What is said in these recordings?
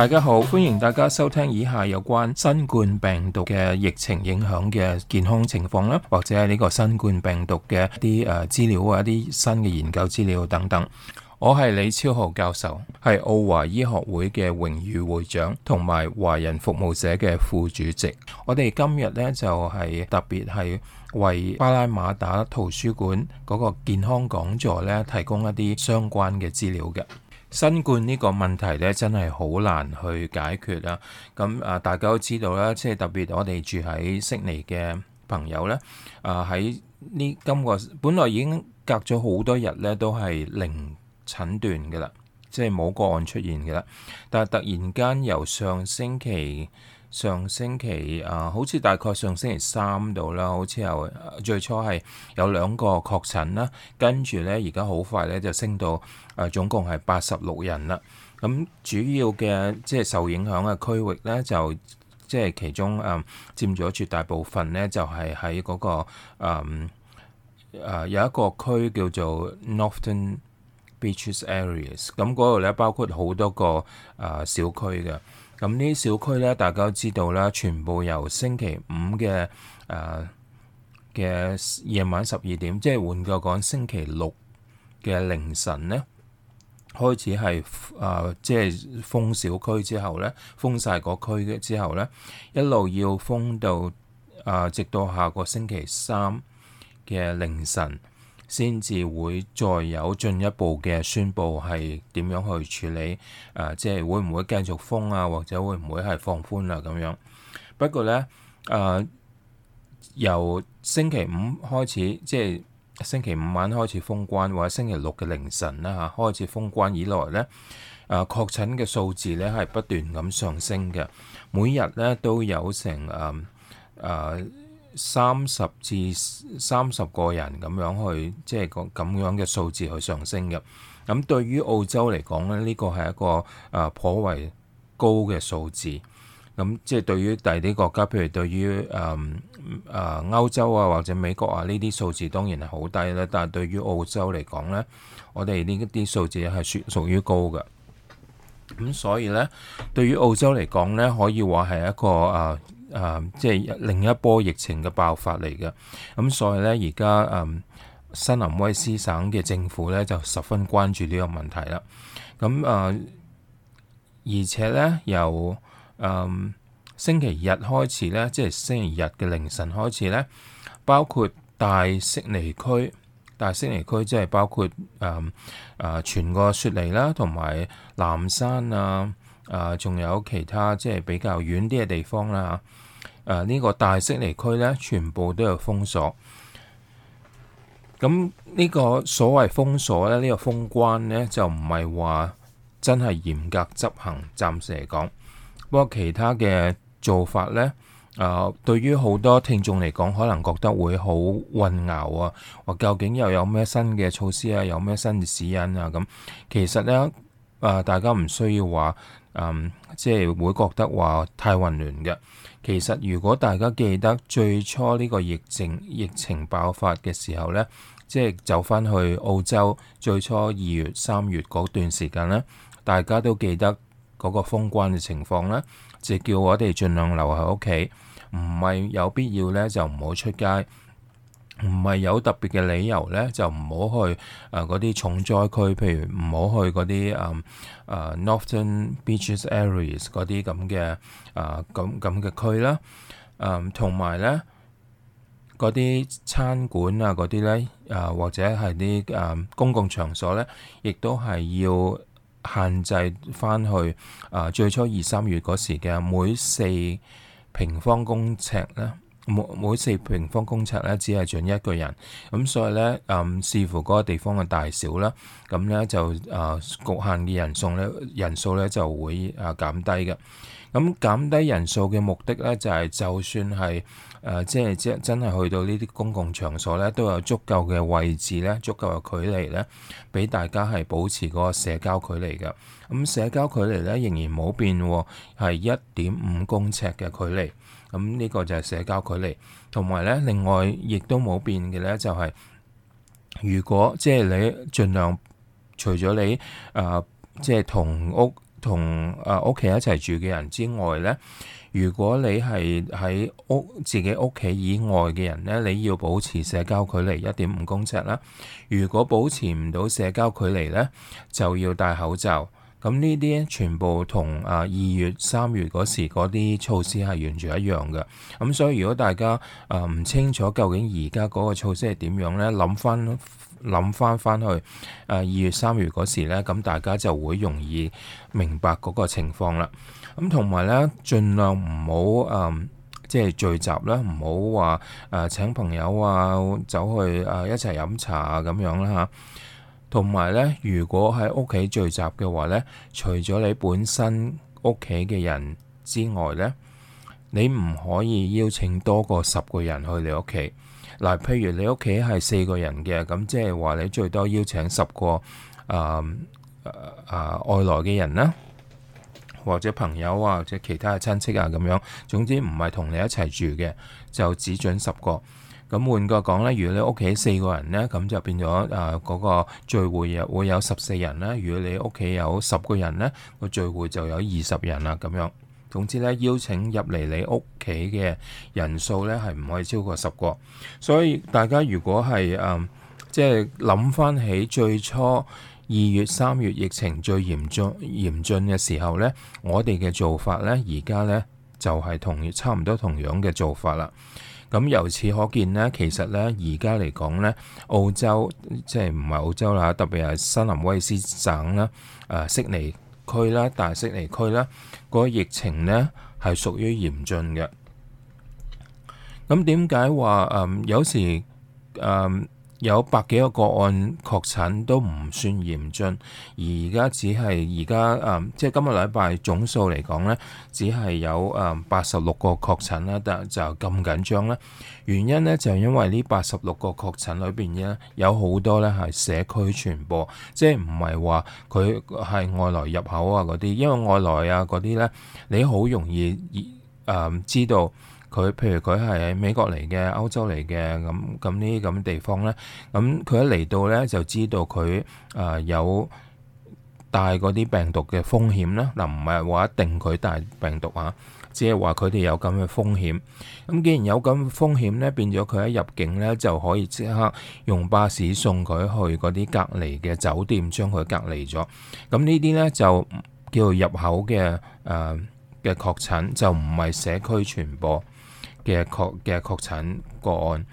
大家好，歡迎大家收聽以下有關新冠病毒嘅疫情影響嘅健康情況啦，或者係呢個新冠病毒嘅一啲誒資料啊，一啲新嘅研究資料等等。我係李超豪教授，係澳華醫學會嘅榮譽會長，同埋華人服務社嘅副主席。我哋今日咧就係、是、特別係爲巴拉馬打圖書館嗰個健康講座咧提供一啲相關嘅資料嘅。新冠呢個問題咧，真係好難去解決啦。咁啊，大家都知道啦，即係特別我哋住喺悉尼嘅朋友咧，啊喺呢今個本來已經隔咗好多日咧，都係零診斷㗎喇，即係冇個案出現㗎喇。但係突然間由上星期，上星期啊、呃，好似大概上星期三度啦，好似有最初係有兩個確診啦，跟住咧而家好快咧就升到誒、呃、總共係八十六人啦。咁、嗯、主要嘅即係受影響嘅區域咧，就即係其中誒、嗯、佔咗絕大部分咧，就係喺嗰個誒誒、嗯呃、有一個區叫做 Northern Beaches Areas，咁、嗯、嗰度咧，包括好多個誒、呃、小區嘅。咁呢啲小區咧，大家都知道啦，全部由星期五嘅誒嘅夜晚十二點，即係換句講，星期六嘅凌晨咧，開始係誒即係封小區之後咧，封曬個區嘅之後咧，一路要封到誒、呃、直到下個星期三嘅凌晨，先至會再有進一步嘅宣佈，係點樣去處理？誒、呃，即係會唔會繼續封啊？或者會唔會係放寬啦、啊？咁樣。不過呢，誒、呃、由星期五開始，即係星期五晚開始封關，或者星期六嘅凌晨啦吓開始封關以來呢，誒確診嘅數字呢係不斷咁上升嘅，每日呢都有成誒誒。呃呃三十至三十個人咁樣去，即係咁樣嘅數字去上升嘅。咁、嗯、對於澳洲嚟講呢，呢、這個係一個誒頗、呃、為高嘅數字。咁、嗯、即係對於第啲國家，譬如對於誒誒歐洲啊或者美國啊呢啲數字當然係好低啦。但係對於澳洲嚟講呢，我哋呢啲數字係屬屬於高嘅。咁、嗯、所以呢，對於澳洲嚟講呢，可以話係一個誒。呃誒、嗯，即係另一波疫情嘅爆發嚟嘅，咁、嗯、所以咧，而家誒，新南威斯省嘅政府咧就十分關注呢個問題啦。咁、嗯、誒，而且咧，由誒、嗯、星期日開始咧，即係星期日嘅凌晨開始咧，包括大悉尼區、大悉尼區，即係包括誒誒、嗯呃、全個雪梨啦，同埋藍山啊。啊，仲有其他即係比較遠啲嘅地方啦。啊，呢個大悉尼區呢，全部都有封鎖。咁呢個所謂封鎖呢，呢個封關呢，就唔係話真係嚴格執行。暫時嚟講，不過其他嘅做法呢，啊，對於好多聽眾嚟講，可能覺得會好混淆啊。或究竟又有咩新嘅措施啊？有咩新嘅指引啊？咁其實呢，啊，大家唔需要話。嗯，即係會覺得話太混亂嘅。其實如果大家記得最初呢個疫情疫情爆發嘅時候呢，即係走翻去澳洲最初二月三月嗰段時間呢，大家都記得嗰個封關嘅情況呢，就叫我哋盡量留喺屋企，唔係有必要呢，就唔好出街。唔係有特別嘅理由咧，就唔好去誒嗰啲重災區，譬如唔好去嗰啲誒誒 Northern Beaches Areas 嗰啲咁嘅誒咁咁、呃、嘅區啦。誒同埋咧，嗰啲餐館啊嗰啲咧，誒、呃、或者係啲誒公共場所咧，亦都係要限制翻去誒、呃、最初二三月嗰時嘅每四平方公尺咧。每每四平方公尺咧，只係准一個人，咁所以咧，誒、嗯、視乎嗰個地方嘅大小啦，咁咧就誒侷、呃、限嘅人數咧，人數咧就會誒減低嘅。咁、嗯、減低人數嘅目的咧，就係、是、就算係。誒，即係即係真係去到呢啲公共場所咧，都有足夠嘅位置咧，足夠嘅距離咧，俾大家係保持嗰個社交距離嘅。咁社交距離咧仍然冇變，係一點五公尺嘅距離。咁呢個就係社交距離。同埋咧，另外亦都冇變嘅咧，就係如果即係你盡量除咗你誒，即係同屋同誒屋企一齊住嘅人之外咧。如果你係喺屋自己屋企以外嘅人呢，你要保持社交距離一點五公尺啦。如果保持唔到社交距離呢，就要戴口罩。咁呢啲全部同啊二月三月嗰時嗰啲措施係完全一樣嘅。咁所以如果大家啊唔清楚究竟而家嗰個措施係點樣呢，諗翻。諗翻翻去，誒二月三月嗰時呢，咁大家就會容易明白嗰個情況啦。咁同埋呢，盡量唔好誒，即係聚集啦，唔好話誒請朋友啊，走去誒、呃、一齊飲茶啊咁樣啦、啊、嚇。同埋呢，如果喺屋企聚集嘅話呢，除咗你本身屋企嘅人之外呢，你唔可以邀請多過十個人去你屋企。嗱，譬如你屋企係四個人嘅，咁即係話你最多邀請十個啊啊、呃呃呃、外來嘅人啦，或者朋友啊，或者其他嘅親戚啊咁樣，總之唔係同你一齊住嘅，就只準十個。咁換個講咧，如果你屋企四個人咧，咁就變咗啊嗰個聚會又會有十四人啦。如果你屋企有十個人咧，個聚會就有二十人啦，咁樣。總之咧，邀請入嚟你屋企嘅人數咧，係唔可以超過十個。所以大家如果係誒，即係諗返起最初二月、三月疫情最嚴重、嚴峻嘅時候咧，我哋嘅做法咧，而家咧就係、是、同差唔多同樣嘅做法啦。咁由此可見咧，其實咧而家嚟講咧，澳洲即係唔係澳洲啦，特別係新南威斯省啦，誒、啊、悉尼區啦，大悉尼區啦，嗰個疫情呢係屬於嚴峻嘅。咁點解話誒有時誒？有百幾個個案確診都唔算嚴峻，而家只係而家即係今、呃、個禮拜總數嚟講呢只係有八十六個確診啦，但就咁緊張啦。原因呢就係因為呢八十六個確診裏邊呢，有好多呢係社區傳播，即係唔係話佢係外來入口啊嗰啲，因為外來啊嗰啲呢，你好容易、呃、知道。佢譬如佢係美國嚟嘅、歐洲嚟嘅咁咁呢啲咁嘅地方咧，咁佢一嚟到咧就知道佢誒、呃、有帶嗰啲病毒嘅風險啦。嗱，唔係話一定佢帶病毒啊，只係話佢哋有咁嘅風險。咁既然有咁嘅風險咧，變咗佢一入境咧就可以即刻用巴士送佢去嗰啲隔離嘅酒店，將佢隔離咗。咁呢啲咧就叫做入口嘅誒嘅確診，就唔係社區傳播。嘅確嘅確診個案，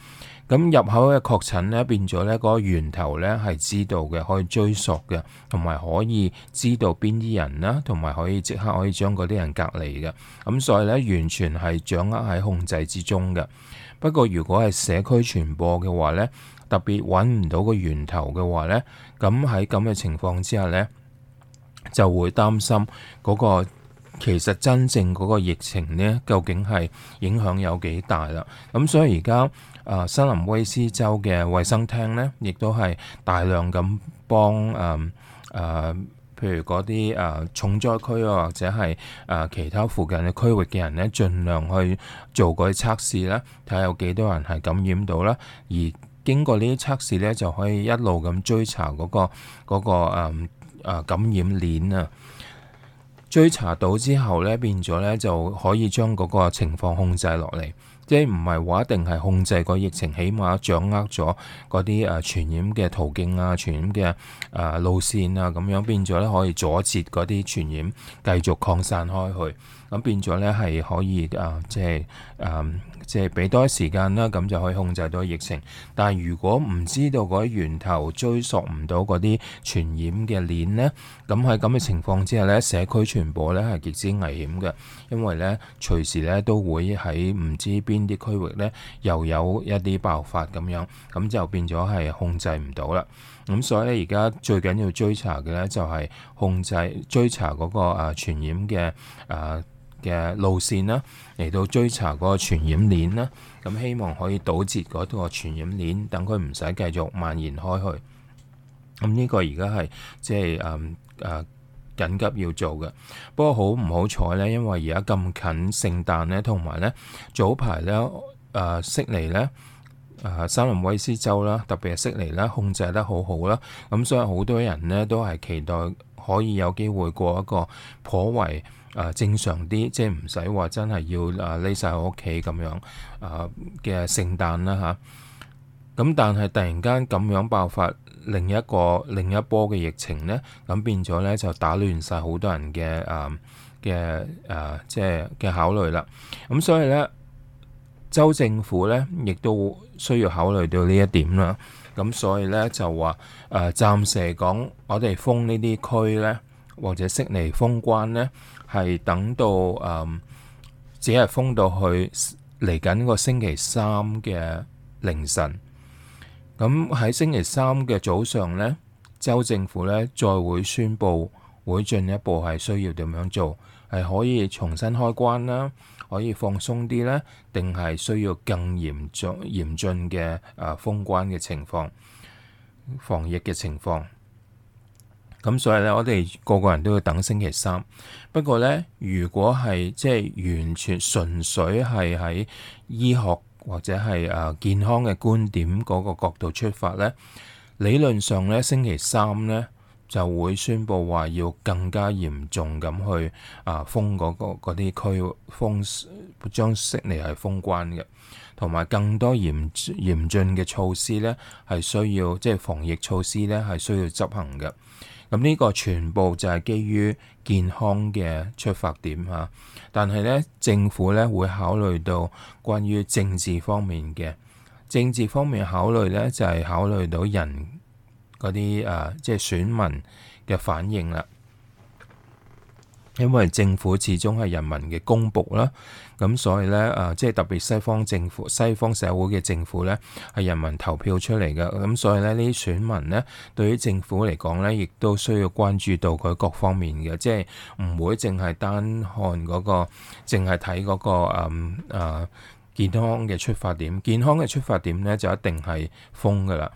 咁入口嘅確診呢變咗呢嗰個源頭呢，係知道嘅，可以追溯嘅，同埋可以知道邊啲人啦，同埋可以即刻可以將嗰啲人隔離嘅。咁所以呢，完全係掌握喺控制之中嘅。不過如果係社區傳播嘅話呢，特別揾唔到個源頭嘅話呢，咁喺咁嘅情況之下呢，就會擔心嗰個。其實真正嗰個疫情呢，究竟係影響有幾大啦？咁所以而家啊，新罕威斯州嘅衛生廳呢，亦都係大量咁幫誒誒，譬、呃、如嗰啲誒重災區啊，或者係誒、呃、其他附近嘅區域嘅人呢，儘量去做嗰啲測試啦，睇下有幾多人係感染到啦。而經過呢啲測試呢，就可以一路咁追查嗰、嗰個嗰、嗰個、呃呃、感染鏈啊。追查到之後咧，變咗咧就可以將嗰個情況控制落嚟，即係唔係話一定係控制個疫情，起碼掌握咗嗰啲誒傳染嘅途徑啊、傳染嘅誒路線啊，咁樣變咗咧可以阻截嗰啲傳染繼續擴散開去。咁變咗咧，係可以啊、呃，即係啊、呃，即係俾多啲時間啦，咁就可以控制到疫情。但係如果唔知道嗰啲源頭，追溯唔到嗰啲傳染嘅鏈呢，咁喺咁嘅情況之下呢，社區傳播呢係極之危險嘅，因為呢隨時呢都會喺唔知邊啲區域呢又有一啲爆發咁樣，咁就後變咗係控制唔到啦。咁所以呢，而家最緊要追查嘅呢，就係、是、控制追查嗰、那個啊傳染嘅啊。嘅路線啦，嚟到追查嗰個傳染鏈啦，咁希望可以堵截嗰個傳染鏈，等佢唔使繼續蔓延開去。咁、這、呢個而家係即係誒誒緊急要做嘅。不過好唔好彩呢？因為而家咁近聖誕呢，同埋呢早排呢，誒悉尼呢，誒、啊、新南威爾士州啦，特別係悉尼啦，控制得好好啦。咁、啊、所以好多人呢，都係期待。可以有機會過一個頗為誒正常啲，即係唔使話真係要誒匿晒喺屋企咁樣誒嘅、呃、聖誕啦吓咁、啊、但係突然間咁樣爆發另一個另一波嘅疫情呢，咁變咗呢，就打亂晒好多人嘅誒嘅誒即係嘅考慮啦。咁、啊、所以呢，州政府呢亦都需要考慮到呢一點啦。咁所以咧就話誒暫時嚟講，我哋封呢啲區咧，或者悉尼封關咧，係等到誒只係封到去嚟緊個星期三嘅凌晨。咁喺星期三嘅早上咧，州政府咧再會宣布會進一步係需要點樣做，係可以重新開關啦。可以放鬆啲呢，定係需要更嚴重嚴峻嘅誒封關嘅情況、防疫嘅情況。咁所以呢，我哋個個人都要等星期三。不過呢，如果係即係完全純粹係喺醫學或者係誒健康嘅觀點嗰個角度出發呢，理論上呢，星期三呢，就會宣布話要更加嚴重咁去啊封嗰個嗰啲區封，將悉尼係封關嘅，同埋更多嚴嚴峻嘅措施呢係需要，即係防疫措施呢係需要執行嘅。咁呢個全部就係基於健康嘅出發點嚇，但係呢政府呢會考慮到關於政治方面嘅政治方面考慮呢就係考慮到人。嗰啲誒，即係選民嘅反應啦。因為政府始終係人民嘅公僕啦，咁所以咧誒、啊，即係特別西方政府、西方社會嘅政府咧，係人民投票出嚟嘅，咁所以咧呢啲選民咧，對於政府嚟講咧，亦都需要關注到佢各方面嘅，即係唔會淨係單看嗰個，淨係睇嗰個誒、嗯啊、健康嘅出發點。健康嘅出發點咧，就一定係封㗎喇。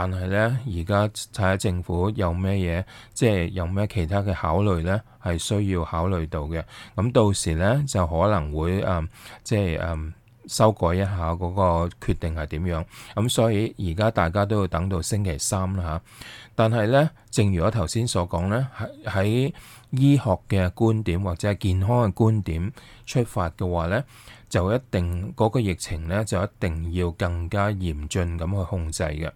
但係咧，而家睇下政府有咩嘢，即、就、係、是、有咩其他嘅考慮咧，係需要考慮到嘅。咁到時咧就可能會誒、嗯，即係誒、嗯、修改一下嗰個決定係點樣。咁所以而家大家都要等到星期三啦嚇。但係咧，正如我頭先所講咧，喺喺。醫學嘅觀點或者係健康嘅觀點出發嘅話呢，就一定嗰、嗰個疫情呢，就一定要更加嚴峻咁去控制嘅。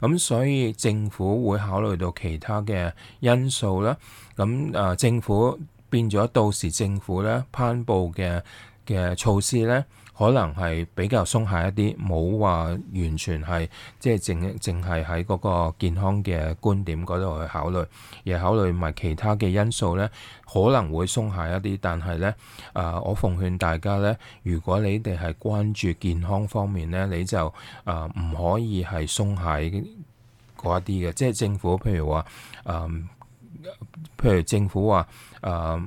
咁所以政府會考慮到其他嘅因素啦。咁啊，政府變咗到，到時政府呢頒布嘅嘅措施呢。可能係比較鬆懈一啲，冇話完全係即係淨淨係喺嗰個健康嘅觀點嗰度去考慮，而考慮埋其他嘅因素咧，可能會鬆懈一啲。但係咧，誒、呃，我奉勸大家咧，如果你哋係關注健康方面咧，你就誒唔、呃、可以係鬆懈嗰一啲嘅，即係政府譬如話誒、呃，譬如政府話誒、呃，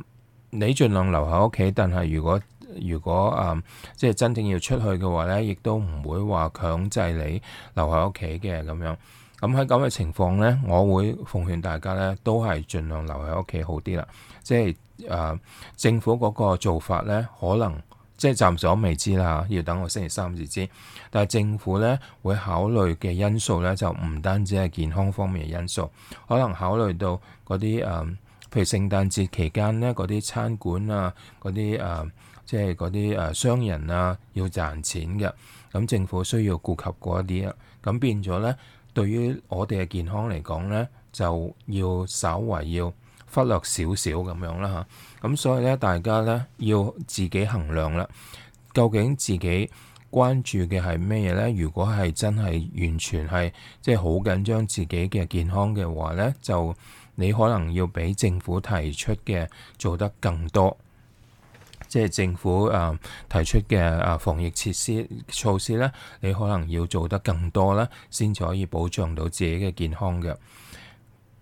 你儘量留喺屋企，但係如果如果誒、呃，即係真正要出去嘅話，咧，亦都唔會話強制你留喺屋企嘅咁樣。咁喺咁嘅情況咧，我會奉勸大家咧，都係盡量留喺屋企好啲啦。即係誒、呃，政府嗰個做法咧，可能即係暫時我未知啦，要等我星期三至知。但係政府咧會考慮嘅因素咧，就唔單止係健康方面嘅因素，可能考慮到嗰啲誒，譬如聖誕節期間咧，嗰啲餐館啊，嗰啲誒。呃即係嗰啲誒商人啊，要賺錢嘅，咁政府需要顧及嗰啲啊，咁變咗咧，對於我哋嘅健康嚟講咧，就要稍為要忽略少少咁樣啦嚇，咁所以咧，大家咧要自己衡量啦，究竟自己關注嘅係咩嘢咧？如果係真係完全係即係好緊張自己嘅健康嘅話咧，就你可能要比政府提出嘅做得更多。即係政府啊提出嘅啊防疫設施措施咧，你可能要做得更多啦，先至可以保障到自己嘅健康嘅。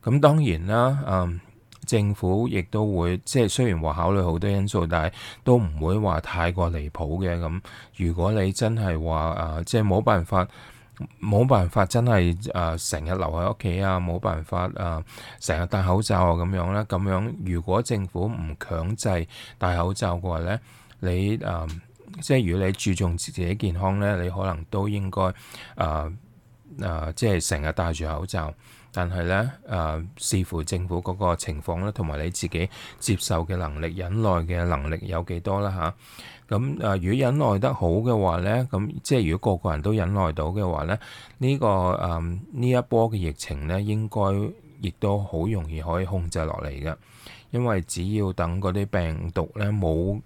咁當然啦，嗯，政府亦都會即係雖然話考慮好多因素，但係都唔會話太過離譜嘅。咁如果你真係話啊，即係冇辦法。冇辦法，真係誒成日留喺屋企啊。冇辦法誒，成日戴口罩啊咁樣咧，咁樣如果政府唔強制戴口罩嘅話咧，你誒、呃、即係如果你注重自己健康咧，你可能都應該誒誒，即係成日戴住口罩。但係咧誒，視乎政府嗰個情況咧，同埋你自己接受嘅能力、忍耐嘅能力有幾多啦嚇。咁誒，如果忍耐得好嘅話咧，咁即係如果個個人都忍耐到嘅話咧，呢、呢個誒呢、嗯、一波嘅疫情咧，應該亦都好容易可以控制落嚟嘅。因為只要等嗰啲病毒咧冇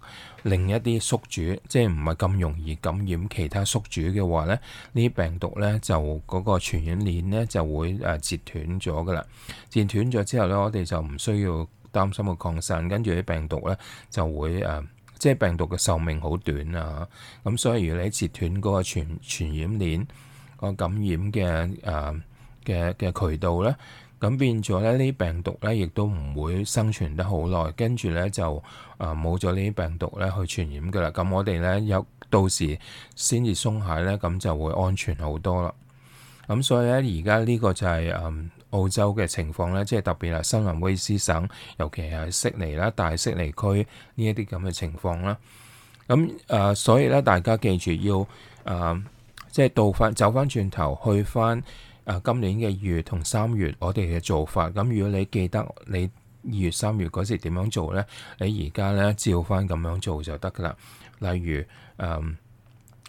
另一啲宿主，即係唔係咁容易感染其他宿主嘅話咧，呢啲病毒咧就嗰、嗰個傳染鏈咧就會誒截斷咗噶啦。截斷咗之後咧，我哋就唔需要擔心個擴散，跟住啲病毒咧就會誒。嗯即係病毒嘅壽命好短啊，咁所以如果你截斷嗰個傳，傳染鏈個感染嘅誒嘅嘅渠道咧，咁變咗咧呢啲病毒咧亦都唔會生存得好耐，跟住咧就誒冇咗呢啲病毒咧去傳染㗎啦。咁我哋咧有到時先至鬆懈咧，咁就會安全好多啦。咁、啊、所以咧而家呢個就係、是、誒。嗯澳洲嘅情況咧，即係特別係新南威斯省，尤其係悉尼啦、大悉尼區呢一啲咁嘅情況啦。咁誒、呃，所以咧，大家記住要誒、呃，即係倒返走返轉頭去返誒、呃、今年嘅二月同三月，我哋嘅做法。咁如果你記得你二月三月嗰時點樣做咧，你而家咧照返咁樣做就得㗎喇。例如誒。呃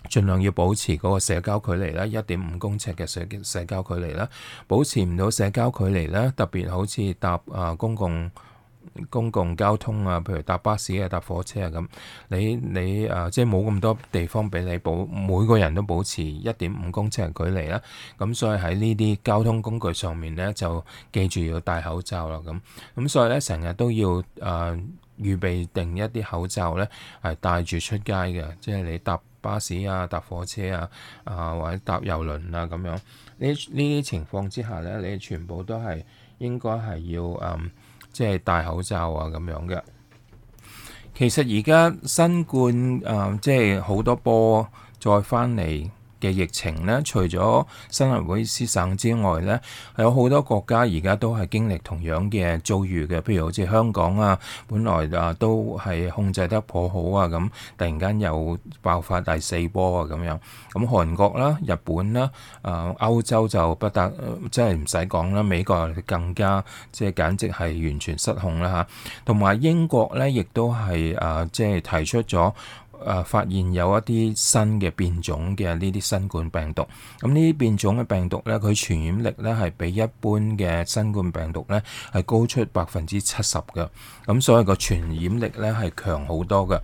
儘量要保持嗰個社交距離咧，一點五公尺嘅社社交距離咧，保持唔到社交距離咧，特別好似搭啊公共公共交通啊，譬如搭巴士啊、搭火車啊咁，你你啊，即係冇咁多地方俾你保每個人都保持一點五公尺距離啦。咁所以喺呢啲交通工具上面咧，就記住要戴口罩啦。咁咁所以咧，成日都要啊，預備定一啲口罩咧，係戴住出街嘅，即係你搭。巴士啊，搭火車啊，啊或者搭郵輪啊咁樣，呢呢啲情況之下咧，你全部都係應該係要嗯，即係戴口罩啊咁樣嘅。其實而家新冠啊、嗯，即係好多波再翻嚟。嘅疫情呢，除咗新約會失省之外呢，有好多國家而家都係經歷同樣嘅遭遇嘅，譬如好似香港啊，本來啊都係控制得頗好啊，咁突然間又爆發第四波啊咁樣。咁、嗯、韓國啦、啊、日本啦、啊、誒歐洲就不得，即係唔使講啦，美國更加即係簡直係完全失控啦嚇。同埋英國呢，亦都係誒即係提出咗。誒發現有一啲新嘅變種嘅呢啲新冠病毒，咁呢啲變種嘅病毒咧，佢傳染力咧係比一般嘅新冠病毒咧係高出百分之七十嘅，咁所以個傳染力咧係強好多嘅。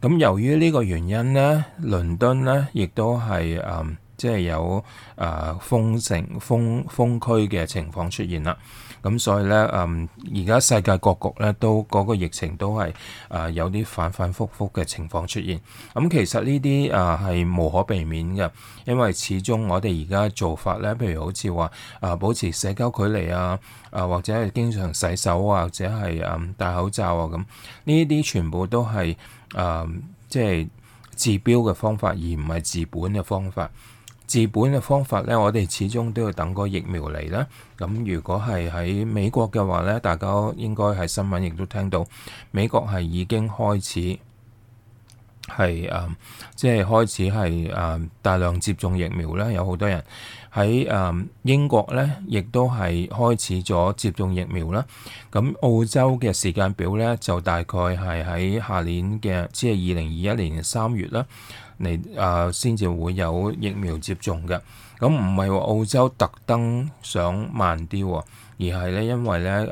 咁由於呢個原因呢，倫敦呢亦都係誒即係有誒、啊、封城、封封區嘅情況出現啦。咁所以咧，嗯，而家世界各國咧，都、這、嗰個疫情都係誒有啲反反覆覆嘅情況出現。咁其實呢啲誒係無可避免嘅，因為始終我哋而家做法咧，譬如好似話誒保持社交距離啊，誒或者係經常洗手啊，或者係誒戴口罩啊咁，呢啲全部都係誒即係治標嘅方法，而唔係治本嘅方法。治本嘅方法呢，我哋始終都要等個疫苗嚟啦。咁如果係喺美國嘅話呢，大家應該喺新聞亦都聽到，美國係已經開始係誒、呃，即係開始係誒、呃、大量接種疫苗啦。有好多人喺誒、呃、英國呢，亦都係開始咗接種疫苗啦。咁澳洲嘅時間表呢，就大概係喺下年嘅，即係二零二一年嘅三月啦。先至會有疫苗接種嘅，咁唔係澳洲特登想慢啲，而係咧因為咧誒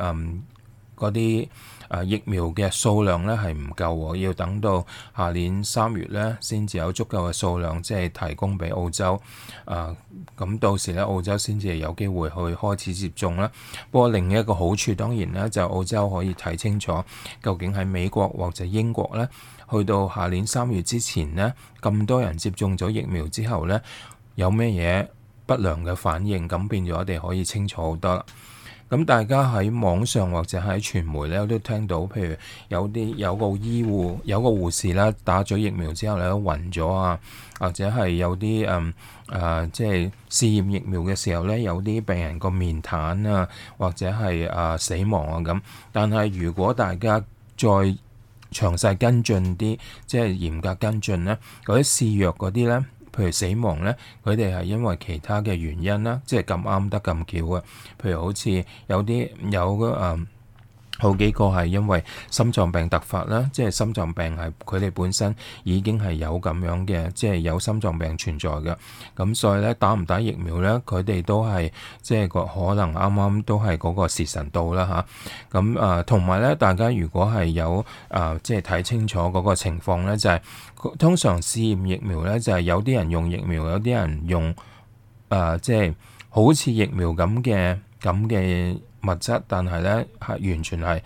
嗰啲。嗯啊、疫苗嘅數量咧係唔夠，要等到下年三月咧先至有足夠嘅數量，即係提供俾澳洲。誒、啊、咁到時咧，澳洲先至有機會去開始接種啦。不過另一個好處，當然啦，就、澳洲可以睇清楚究竟喺美國或者英國咧，去到下年三月之前呢，咁多人接種咗疫苗之後咧，有咩嘢不良嘅反應，咁變咗我哋可以清楚好多啦。咁大家喺網上或者喺傳媒咧，都聽到譬如有啲有個醫護有個護士啦，打咗疫苗之後咧暈咗，嗯呃、啊，或者係有啲誒誒，即係試驗疫苗嘅時候咧，有啲病人個面癱啊，或者係誒死亡啊咁。但係如果大家再詳細跟進啲，即係嚴格跟進咧，嗰啲試藥嗰啲咧。譬如死亡咧，佢哋係因為其他嘅原因啦，即係咁啱得咁巧啊。譬如好似有啲有個誒。啊好幾個係因為心臟病突發啦，即係心臟病係佢哋本身已經係有咁樣嘅，即係有心臟病存在嘅。咁所以咧，打唔打疫苗咧，佢哋都係即係個可能啱啱都係嗰個時辰到啦吓咁啊，同埋咧，大家如果係有啊，即係睇清楚嗰個情況咧，就係通常試驗疫苗咧，就係有啲人用疫苗，有啲人用啊，即係好似疫苗咁嘅咁嘅。物質，但係咧係完全係。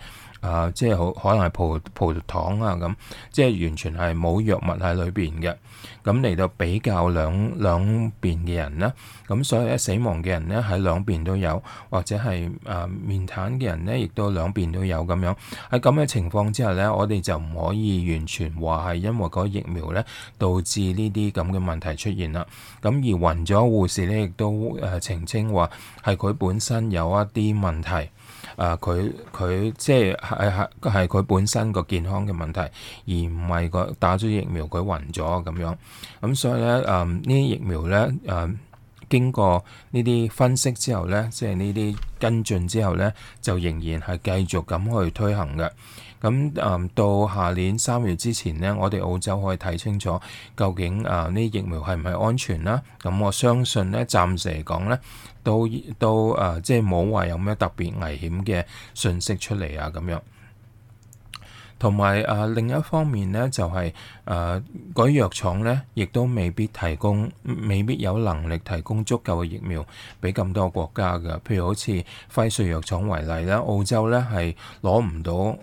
啊、呃，即係好可能係葡、葡萄糖啊咁，即係完全係冇藥物喺裏邊嘅。咁嚟到比較兩兩邊嘅人咧，咁所以咧死亡嘅人咧喺兩邊都有，或者係啊、呃、面癱嘅人咧，亦都兩邊都有咁樣。喺咁嘅情況之下咧，我哋就唔可以完全話係因為嗰個疫苗咧導致呢啲咁嘅問題出現啦。咁而暈咗護士咧，亦都誒、呃、澄清話係佢本身有一啲問題。誒佢佢即係係係佢本身個健康嘅問題，而唔係佢打咗疫苗佢暈咗咁樣。咁、嗯、所以咧誒呢啲、呃、疫苗咧誒。呃經過呢啲分析之後呢，即係呢啲跟進之後呢，就仍然係繼續咁去推行嘅。咁到下年三月之前呢，我哋澳洲可以睇清楚究竟啊呢啲疫苗係唔係安全啦？咁我相信呢，暫時嚟講呢，都都誒、啊、即係冇話有咩特別危險嘅信息出嚟啊咁樣。同埋啊，另一方面呢，就係、是、啊，嗰啲藥廠呢，亦都未必提供，未必有能力提供足夠嘅疫苗畀咁多國家嘅。譬如好似輝瑞藥廠為例啦，澳洲呢係攞唔到。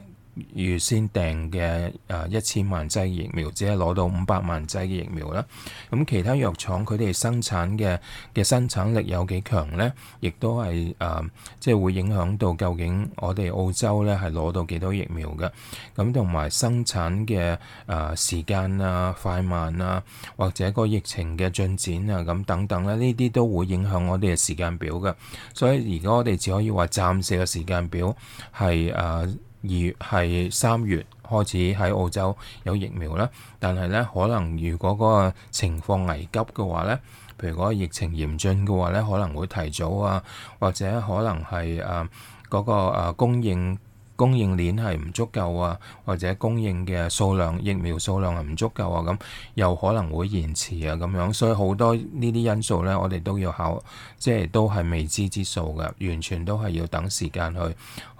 預先訂嘅誒一千萬劑疫苗，只係攞到五百萬劑嘅疫苗啦。咁其他藥廠佢哋生產嘅嘅生產力有幾強呢？亦都係誒、呃，即係會影響到究竟我哋澳洲呢係攞到幾多疫苗嘅。咁同埋生產嘅誒、呃、時間啊、快慢啊，或者個疫情嘅進展啊，咁等等咧，呢啲都會影響我哋嘅時間表嘅。所以而家我哋只可以話暫時嘅時間表係誒。啊二月係三月開始喺澳洲有疫苗啦，但係咧可能如果嗰個情況危急嘅話咧，譬如嗰個疫情嚴峻嘅話咧，可能會提早啊，或者可能係誒嗰個誒、啊、供應。供應鏈係唔足夠啊，或者供應嘅數量、疫苗數量係唔足夠啊，咁又可能會延遲啊咁樣，所以好多呢啲因素呢，我哋都要考，即係都係未知之數嘅，完全都係要等時間去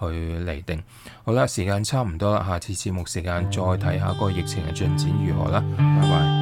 去釐定。好啦，時間差唔多啦，下次節目時間再睇下個疫情嘅進展如何啦。拜拜。